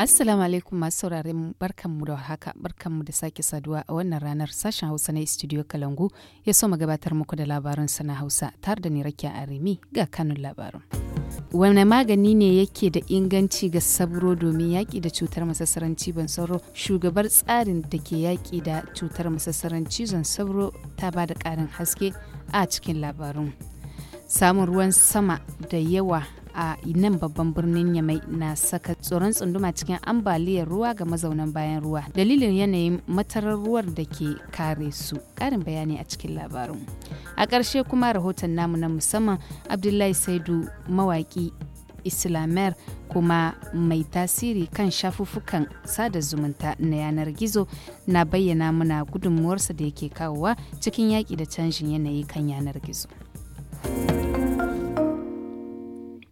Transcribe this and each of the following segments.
Assalamu alaikum masu saurare mu barkanmu da haka barkanmu da sake saduwa a wannan ranar sashen Hausa na Studio Kalangu ya so gabatar muku da labarin sana Hausa tare da ni a Arimi ga kanun labarin. Wane magani ne yake da inganci ga sabro domin yaƙi da cutar masassaran cizon sauro? Shugabar tsarin da ke yaƙi da cutar masassaran cizon sauro ta ba da ƙarin haske a cikin labarin. Samun ruwan sama da yawa a nan babban birnin Yamai na saka tsoron tsunduma cikin ambaliyar ruwa ga mazaunan bayan ruwa. Dalilin yanayin matarar da ke kare su. Karin bayani a cikin labarin. A ƙarshe kuma rahoton namu na musamman Abdullahi Saidu mawaƙi Islamer kuma mai tasiri kan shafuffukan sada zumunta na yanar gizo na bayyana muna gudunmuwarsa da yake kawowa cikin yaƙi da canjin yanayi kan yanar gizo.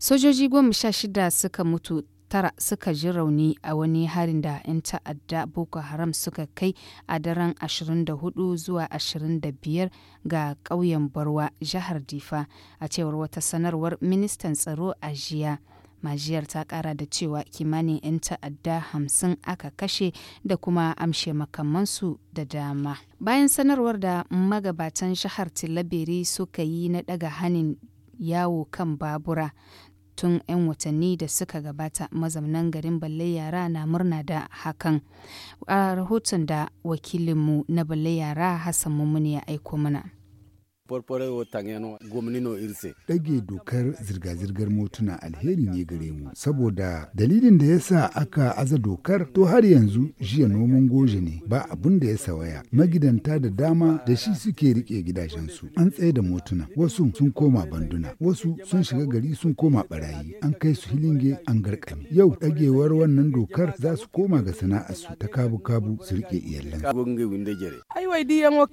Sojoji goma sha shida suka mutu tara suka ji rauni a wani harin da 'yan ta'adda Boko Haram suka kai a daren 24 zuwa 25 ga ƙauyen Barwa, jihar Difa, a cewar wata sanarwar ministan tsaro a jiya. majiyar ta kara da cewa kimanin 'yan ta'adda hamsin aka kashe da kuma amshe makamansu da dama bayan sanarwar da magabatan jihar tilabiri suka yi na daga hanin yawo kan babura tun 'yan watanni da suka gabata mazaunan garin balle yara na murna da hakan a rahoton da wakilinmu na balle yara hassan mummuni ya aiko mana farfarewa tangeno gwamnino irse. Ɗage dokar zirga-zirgar motuna alheri ne gare mu saboda dalilin da ya sa aka aza dokar to har yanzu jiya noman goje ne ba abun da ya sawaya magidanta da dama da shi suke rike gidajensu an tsaye da motuna wasu sun koma banduna wasu sun shiga gari sun koma barayi an kai su hilinge an garkami yau ɗagewar wannan dokar za su koma ga sana'arsu ta kabu-kabu su rike iyalan.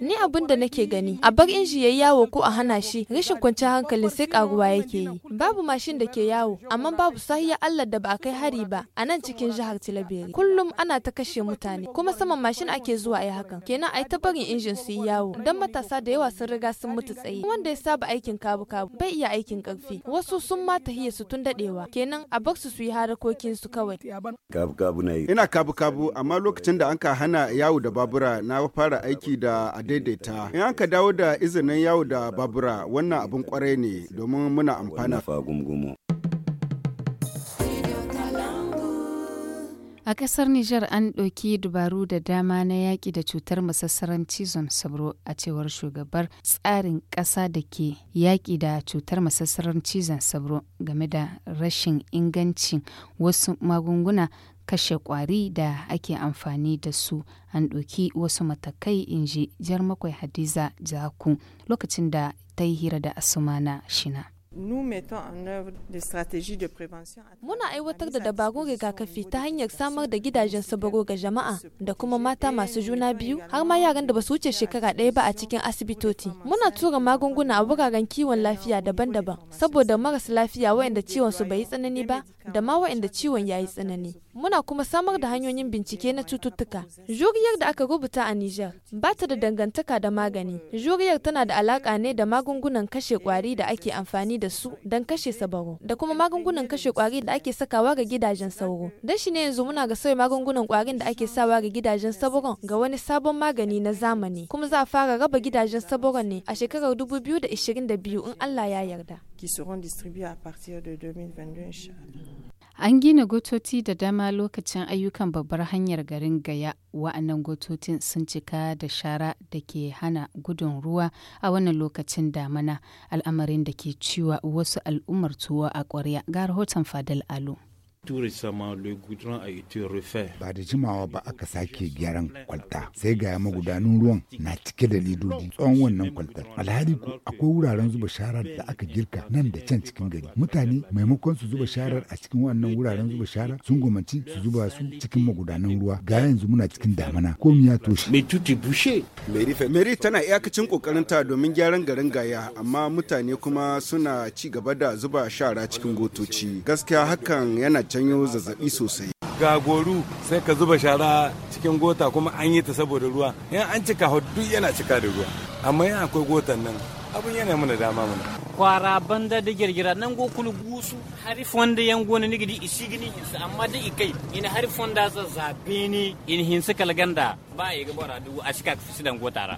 Ni abin da nake gani a bar injiyayya yawo ko a hana shi rashin kwanciyar hankali sai karuwa yake yi babu mashin da ke yawo amma babu sahiya Allah da ba a kai hari ba a nan cikin jihar tilabiri kullum ana ta kashe mutane kuma saman mashin ake zuwa ai hakan kenan ai ta barin injin su yi yawo dan matasa da yawa sun riga sun mutu tsaye wanda ya saba aikin kabu kabu bai iya aikin karfi wasu sun ma tahiya su tun dadewa kenan a bar su su yi harakokin su kawai kabu kabu ina kabu kabu amma lokacin da an ka hana yawo da babura na fara aiki da a daidaita in an ka dawo da izinin yawo yawo da babura wannan abin kwarai ne domin muna amfana. A ƙasar Nijar an ɗauki dabaru da dama na yaƙi da cutar masassaran cizon sabro a cewar shugabar tsarin ƙasa da ke yaƙi da cutar masassaran cizon sabro game da rashin ingancin wasu magunguna kashe kwari da ake amfani da su an ɗoki wasu matakai in ji makwai hadiza jaku lokacin da ta yi hira da asumana shina Muna aiwatar da dabarun rigakafi ta hanyar samar da gidajen sabaro ga jama'a da kuma mata masu juna biyu har ma yaran da ba su wuce shekara ɗaya ba a cikin asibitoci. Muna tura magunguna a wuraren kiwon lafiya daban-daban saboda maras lafiya waɗanda ciwon su bai yi tsanani ba da ma waɗanda ciwon ya yi tsanani. Muna kuma samar da hanyoyin bincike na cututtuka. Juriyar da aka rubuta a Nijar ba ta da dangantaka da magani. Juriyar tana da alaƙa ne da magungunan kashe ƙwari da ake amfani da su don kashe sabaro da kuma magungunan kashe ƙwari da ake sakawa ga gidajen sauro. Dan shi ne yanzu muna ga sauya magungunan ƙwarin da ake sawa ga gidajen sauron ga wani sabon magani na zamani. Kuma za a fara raba gidajen sauron ne a shekarar biyu in Allah ya yarda. qui seront distribués à partir de 2022, An gina gotoci da dama lokacin ayyukan babbar hanyar garin Gaya, wa'annan gototin sun cika da shara da ke hana gudun ruwa a wannan lokacin damana, al'amarin da ke ciwa wasu al'ummar tuwo a ƙwarya ga rahoton Fadal Alu. Tout récemment, le goudron a été refait. Ba da jimawa ba aka sake gyaran kwalta. Sai ga magudanun ruwan na cike da lidodi tsawon wannan kwaltar. Alhali ku akwai wuraren zuba sharar da aka girka nan da can cikin gari. Mutane maimakon su zuba sharar a cikin wannan wuraren zuba sharar sun gomanci su zuba su cikin magudanan ruwa. Ga yanzu muna cikin damana. Komi ya toshe. Mai tuti bushe. Meri tana iyakacin kokarinta domin gyaran garin gaya amma mutane kuma suna ci gaba da zuba shara cikin gotoci. Gaskiya hakan yana janyo zazzabi sosai ga goru sai ka zuba shara cikin gota kuma an yi ta saboda ruwa yan an cika duk yana cika da ruwa amma yana akwai gotan nan abin yana mana dama mana kwara banda da girgira nan go kulu gusu harif wanda yan gona ni gidi isi gini hinsa amma da ikai ina harif wanda za zabe ne in hinsa kalganda ba ya ga bara dubu a cika dan gota gotara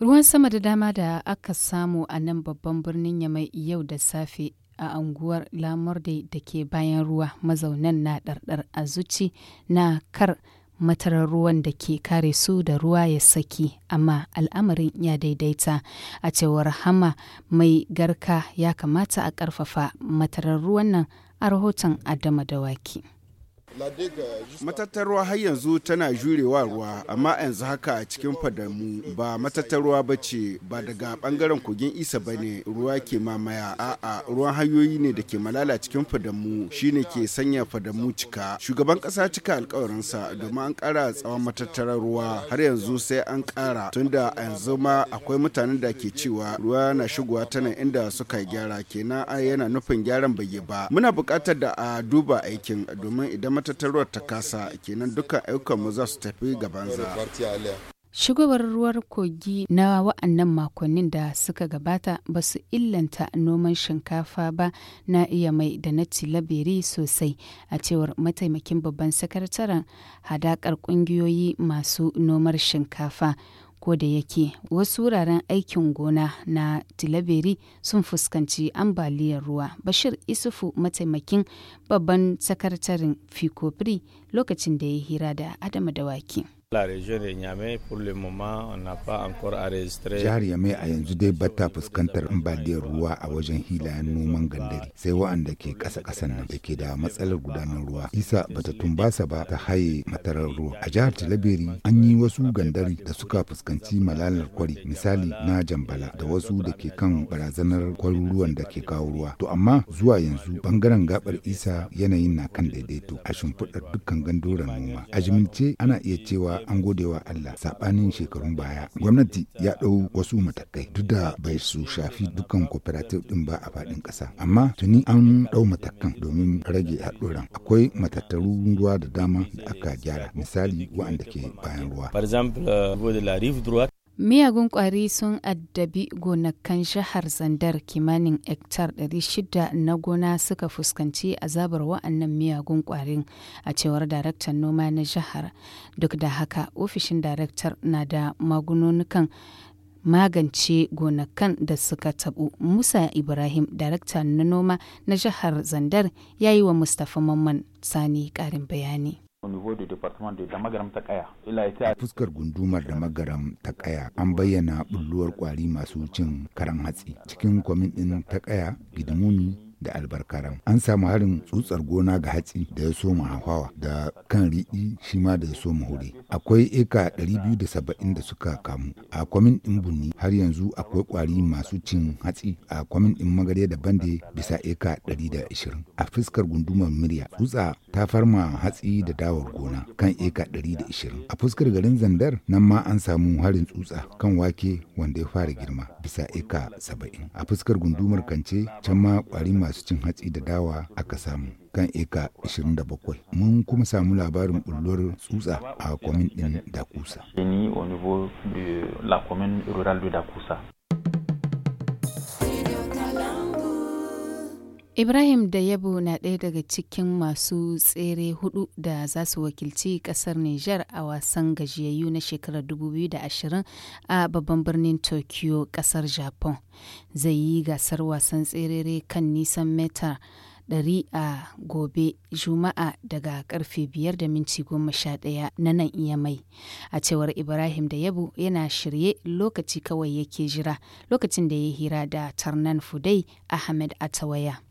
ruwan sama da dama da aka samu a nan babban birnin yamai yau da safe a anguwar lamurde da ke bayan ruwa mazaunan na ɗarɗar a zuci na kar matarar ruwan da ke kare su da ruwa ya saki amma al'amarin ya daidaita a cewar hama mai garka ya kamata a ƙarfafa matarar ruwan nan a rahoton adama dawaki. matattarwa har yanzu tana jurewa ruwa amma yanzu haka cikin fadamu ba matattarwa ba ce ba daga bangaren kogin isa ba ne ruwa ke mamaya a'a ruwan hanyoyi ne da ke malala cikin fadamu shine ke sanya fadamu cika shugaban kasa cika alkawarinsa domin an kara tsawon matattarar ruwa har yanzu sai an kara tunda a yanzu ma akwai mutanen da ke cewa ruwa na shigowa tana inda suka gyara kenan yana nufin gyaran bai ba muna buƙatar da a duba aikin domin idan matattarwar ta kasa kenan dukkan ayyukan mu za su tafi gabanza. banza Shigowar ruwar kogi na wa'annan makonnin da suka gabata ba su illanta noman shinkafa ba na iya mai da na tilabiri sosai a cewar mataimakin babban sakataren hadakar kungiyoyi masu nomar shinkafa ko da yake wasu wuraren aikin gona na tilaberi sun fuskanci ambaliyar ruwa bashir isufu mataimakin babban sakataren fikofri lokacin da ya hira da adama dawaki Jihar Yamai a yanzu dai bata fuskantar ambaliyar ruwa a wajen hilayen noman gandari sai wa'anda ke ƙasa ƙasan nan da ke da matsalar gudanar ruwa. Isa bata tumbasa ba ta haye matarar ruwa. A jihar Talabiri an yi wasu gandari da suka fuskanci malalar kwari misali na Jambala da wasu da ke kan barazanar kwaruruwan da ke kawo ruwa. To amma zuwa yanzu bangaren gabar Isa yanayin na kan daidaito a shimfiɗar dukkan gandoran noma. A jimince ana iya cewa an gode wa Allah saɓanin shekarun baya. Gwamnati ya ɗau wasu matakai duk da bai su shafi dukkan cooperative din ba a faɗin ƙasa. Amma tuni an ɗau matakan domin rage haɗuran. Akwai matattaru ruwa da dama da aka gyara misali waɗanda ke bayan ruwa. Miyagun ƙwari sun addabi gonakan jihar Zandar kimanin hektar 600 na gona suka fuskanci azabar wa'annan miyagun ƙwarin a cewar daraktan noma na jihar. Duk da haka, ofishin daraktar na da magununukan magance gonakan da suka tabu musa ibrahim darakta na noma na jihar zandar ya yi wa mustapha mamman sani karin bayani au niveau du département A fuskar gundumar da Damagaram ta Kaya an bayyana bulluwar kwari masu cin karan hatsi cikin kwamin din ta Kaya, Gidimuni, da albarkaran an samu harin tsutsar gona ga hatsi da ya soma hawa da kan riɗi shi ma da ya soma hure akwai eka 270 da suka kamu a kwamin ɗin bunni har yanzu akwai ƙwari masu cin hatsi a kwamin ɗin magare da bande bisa eka 120 a fuskar gundumar murya tsutsa ta farma hatsi da dawar gona kan eka 120 a fuskar garin zandar nan ma an samu harin tsutsa kan wake wanda ya fara girma bisa eka 70 a fuskar gundumar kance can ma kwari masu masu cin hatsi da dawa aka samu kan eka 27 mun kuma samu labarin bullor tsutsa a kwamin din dakusa Ibrahim da Yabo na ɗaya daga cikin masu tsere hudu da za su wakilci ƙasar Nijar a wasan gajiyayyu na shekarar 2020 a babban birnin Tokyo ƙasar Japan. Zai yi gasar wasan tserere kan nisan mita 100 a gobe Juma'a daga karfe 5 da minti 11 na nan mai A cewar Ibrahim da Yabo yana shirye lokaci kawai yake jira lokacin da ya hira da Tarnan Fudai Ahmed Atawaya.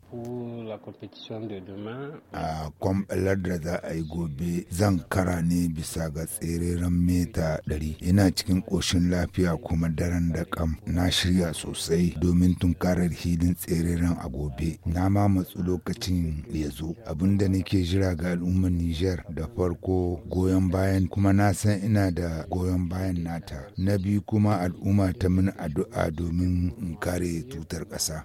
A kwamɓalar da za a yi gobe zan kara ne bisa ga tsereren mita 100. Ina cikin ƙoshin lafiya kuma daren da kam na shirya sosai domin tunkarar hidin tsereren a gobe. Na ma lokacin ya zo. Abin da nake jira ga al'ummar Nijar da farko goyon bayan kuma na san ina da goyon bayan nata. Na biyu kuma al'umma ta mini addu'a domin in kare tutar ƙasa.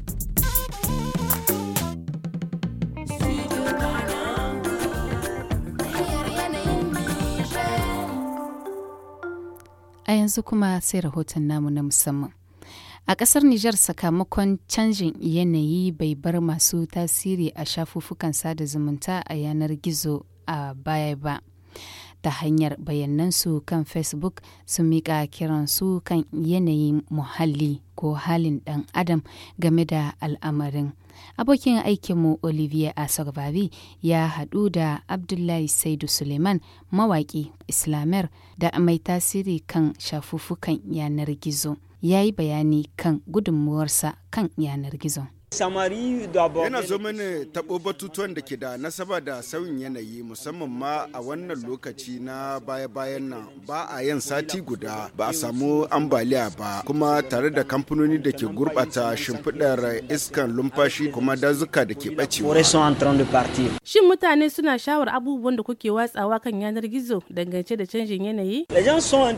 A yanzu kuma sai rahoton namu na musamman. A ƙasar Nijar sakamakon canjin yanayi bai bar masu tasiri a shafuffukan sada zumunta a yanar gizo a baya ba. Ta hanyar bayanansu kan Facebook sun miƙa kiransu kan yanayin muhalli ko halin ɗan adam game da al'amarin Abokin aikinmu Olivier Asogbavi ya haɗu da Abdullahi Saidu Suleiman mawaƙi Islamiyar da mai tasiri kan shafuffukan yanar gizo. Ya yi bayani kan gudunmuwarsa kan yanar gizo. samari da yana zo mini taɓo batutuwan da ke da nasaba da sauyin yanayi musamman ma a wannan lokaci na baya-bayan nan ba a yan sati guda ba a samu ambaliya ba kuma tare da kamfanoni da ke gurɓata shimfiɗar iskan lumfashi kuma dazuka da ke ɓacewa shin mutane suna shawar abubuwan da kuke watsawa kan yanar gizo dangance da canjin yanayi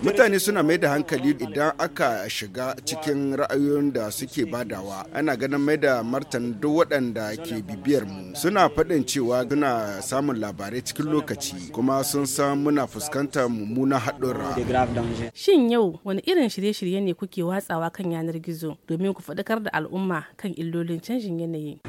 mutane suna mai da hankali idan aka shiga cikin ra'ayoyin da suke badawa ana ganin mai da martan duk waɗanda ke bibiyar mu suna faɗin cewa suna samun labarai cikin lokaci kuma sun san muna fuskantar mummunan haɗura. Shin yau wani irin shirye-shirye ne kuke watsawa kan yanar gizo domin ku faɗakar da al'umma kan illolin canjin yanayi?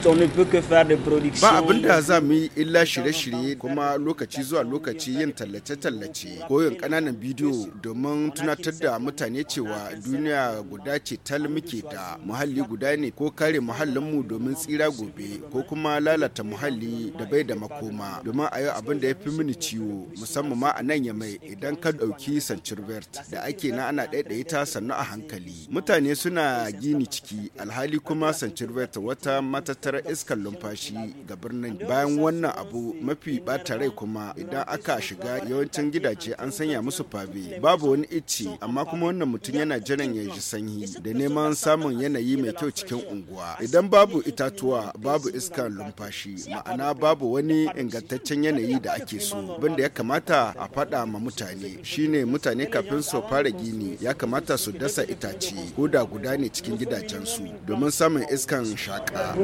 Ba abin da za mu yi illa shirye-shirye kuma lokaci zuwa lokaci yin tallace-tallace ko yin ƙananan bidiyo domin tunatar da mutane cewa duniya guda ce tal muke da muhalli guda ne ko kare muhallin mu domin tsira gobe ko kuma lalata muhalli da bai da makoma domin a yau abin da ya fi mini ciwo musamman ma a nan ya mai idan ka ɗauki sancirbert da ake na ana ɗaiɗaya ta sannu a hankali mutane suna gini ciki alhali kuma sancirbert wata matattara iskar lumfashi ga birnin bayan wannan abu mafi ɓata rai kuma idan aka shiga yawancin gidaje an sanya musu fabe babu wani icce amma kuma wannan mutum yana jiran ya ji sanyi da neman samun yanayi mai kyau cikin unguwa idan babu itatuwa babu iskar numfashi ma'ana babu wani ingantaccen yanayi da ake so banda ya kamata a faɗa ma mutane shine mutane kafin su fara gini ya kamata su dasa itace ko da guda ne cikin gidajensu domin samun iskan shaka.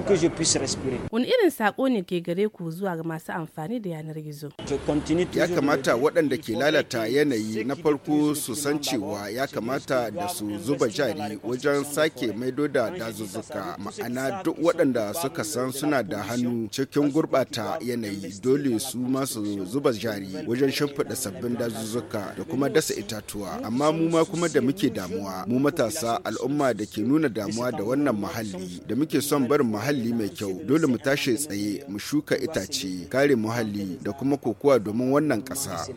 Wani irin sako ne ke gare ku zuwa ga masu amfani da yanar gizo? Ya kamata waɗanda ke lalata yanayi na farko su san cewa ya kamata da su zuba jari wajen sake maido da dazuzzuka ma'ana duk waɗanda suka san suna da hannu cikin gurɓata yanayi dole su masu zuba jari wajen shimfiɗa sabbin dazuzzuka da kuma dasa itatuwa amma mu ma kuma da muke damuwa mu matasa al'umma da ke nuna damuwa da wannan muhalli da muke son barin muhalli mai kyau dole mu tashi tsaye mu shuka itace kare muhalli da kuma kokowa domin wannan ƙasa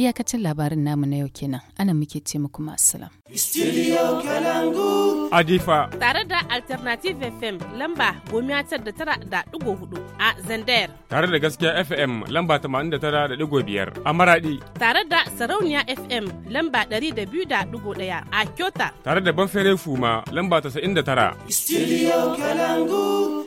Iyakacin labarin namu na yau kenan, ana muke ce muku masu salam. Studio Adifa. Tare da Alternative FM lamba gomiya da tara da ɗigo hudu a Zandayar. Tare da gaskiya FM lamba tamanin da tara da ɗigo biyar a Maradi. Tare da Sarauniya FM lamba ɗari da biyu da ɗigo ɗaya a Kyota. Tare da Banfere Fuma lamba tasa'in da tara. Studio Kalangu.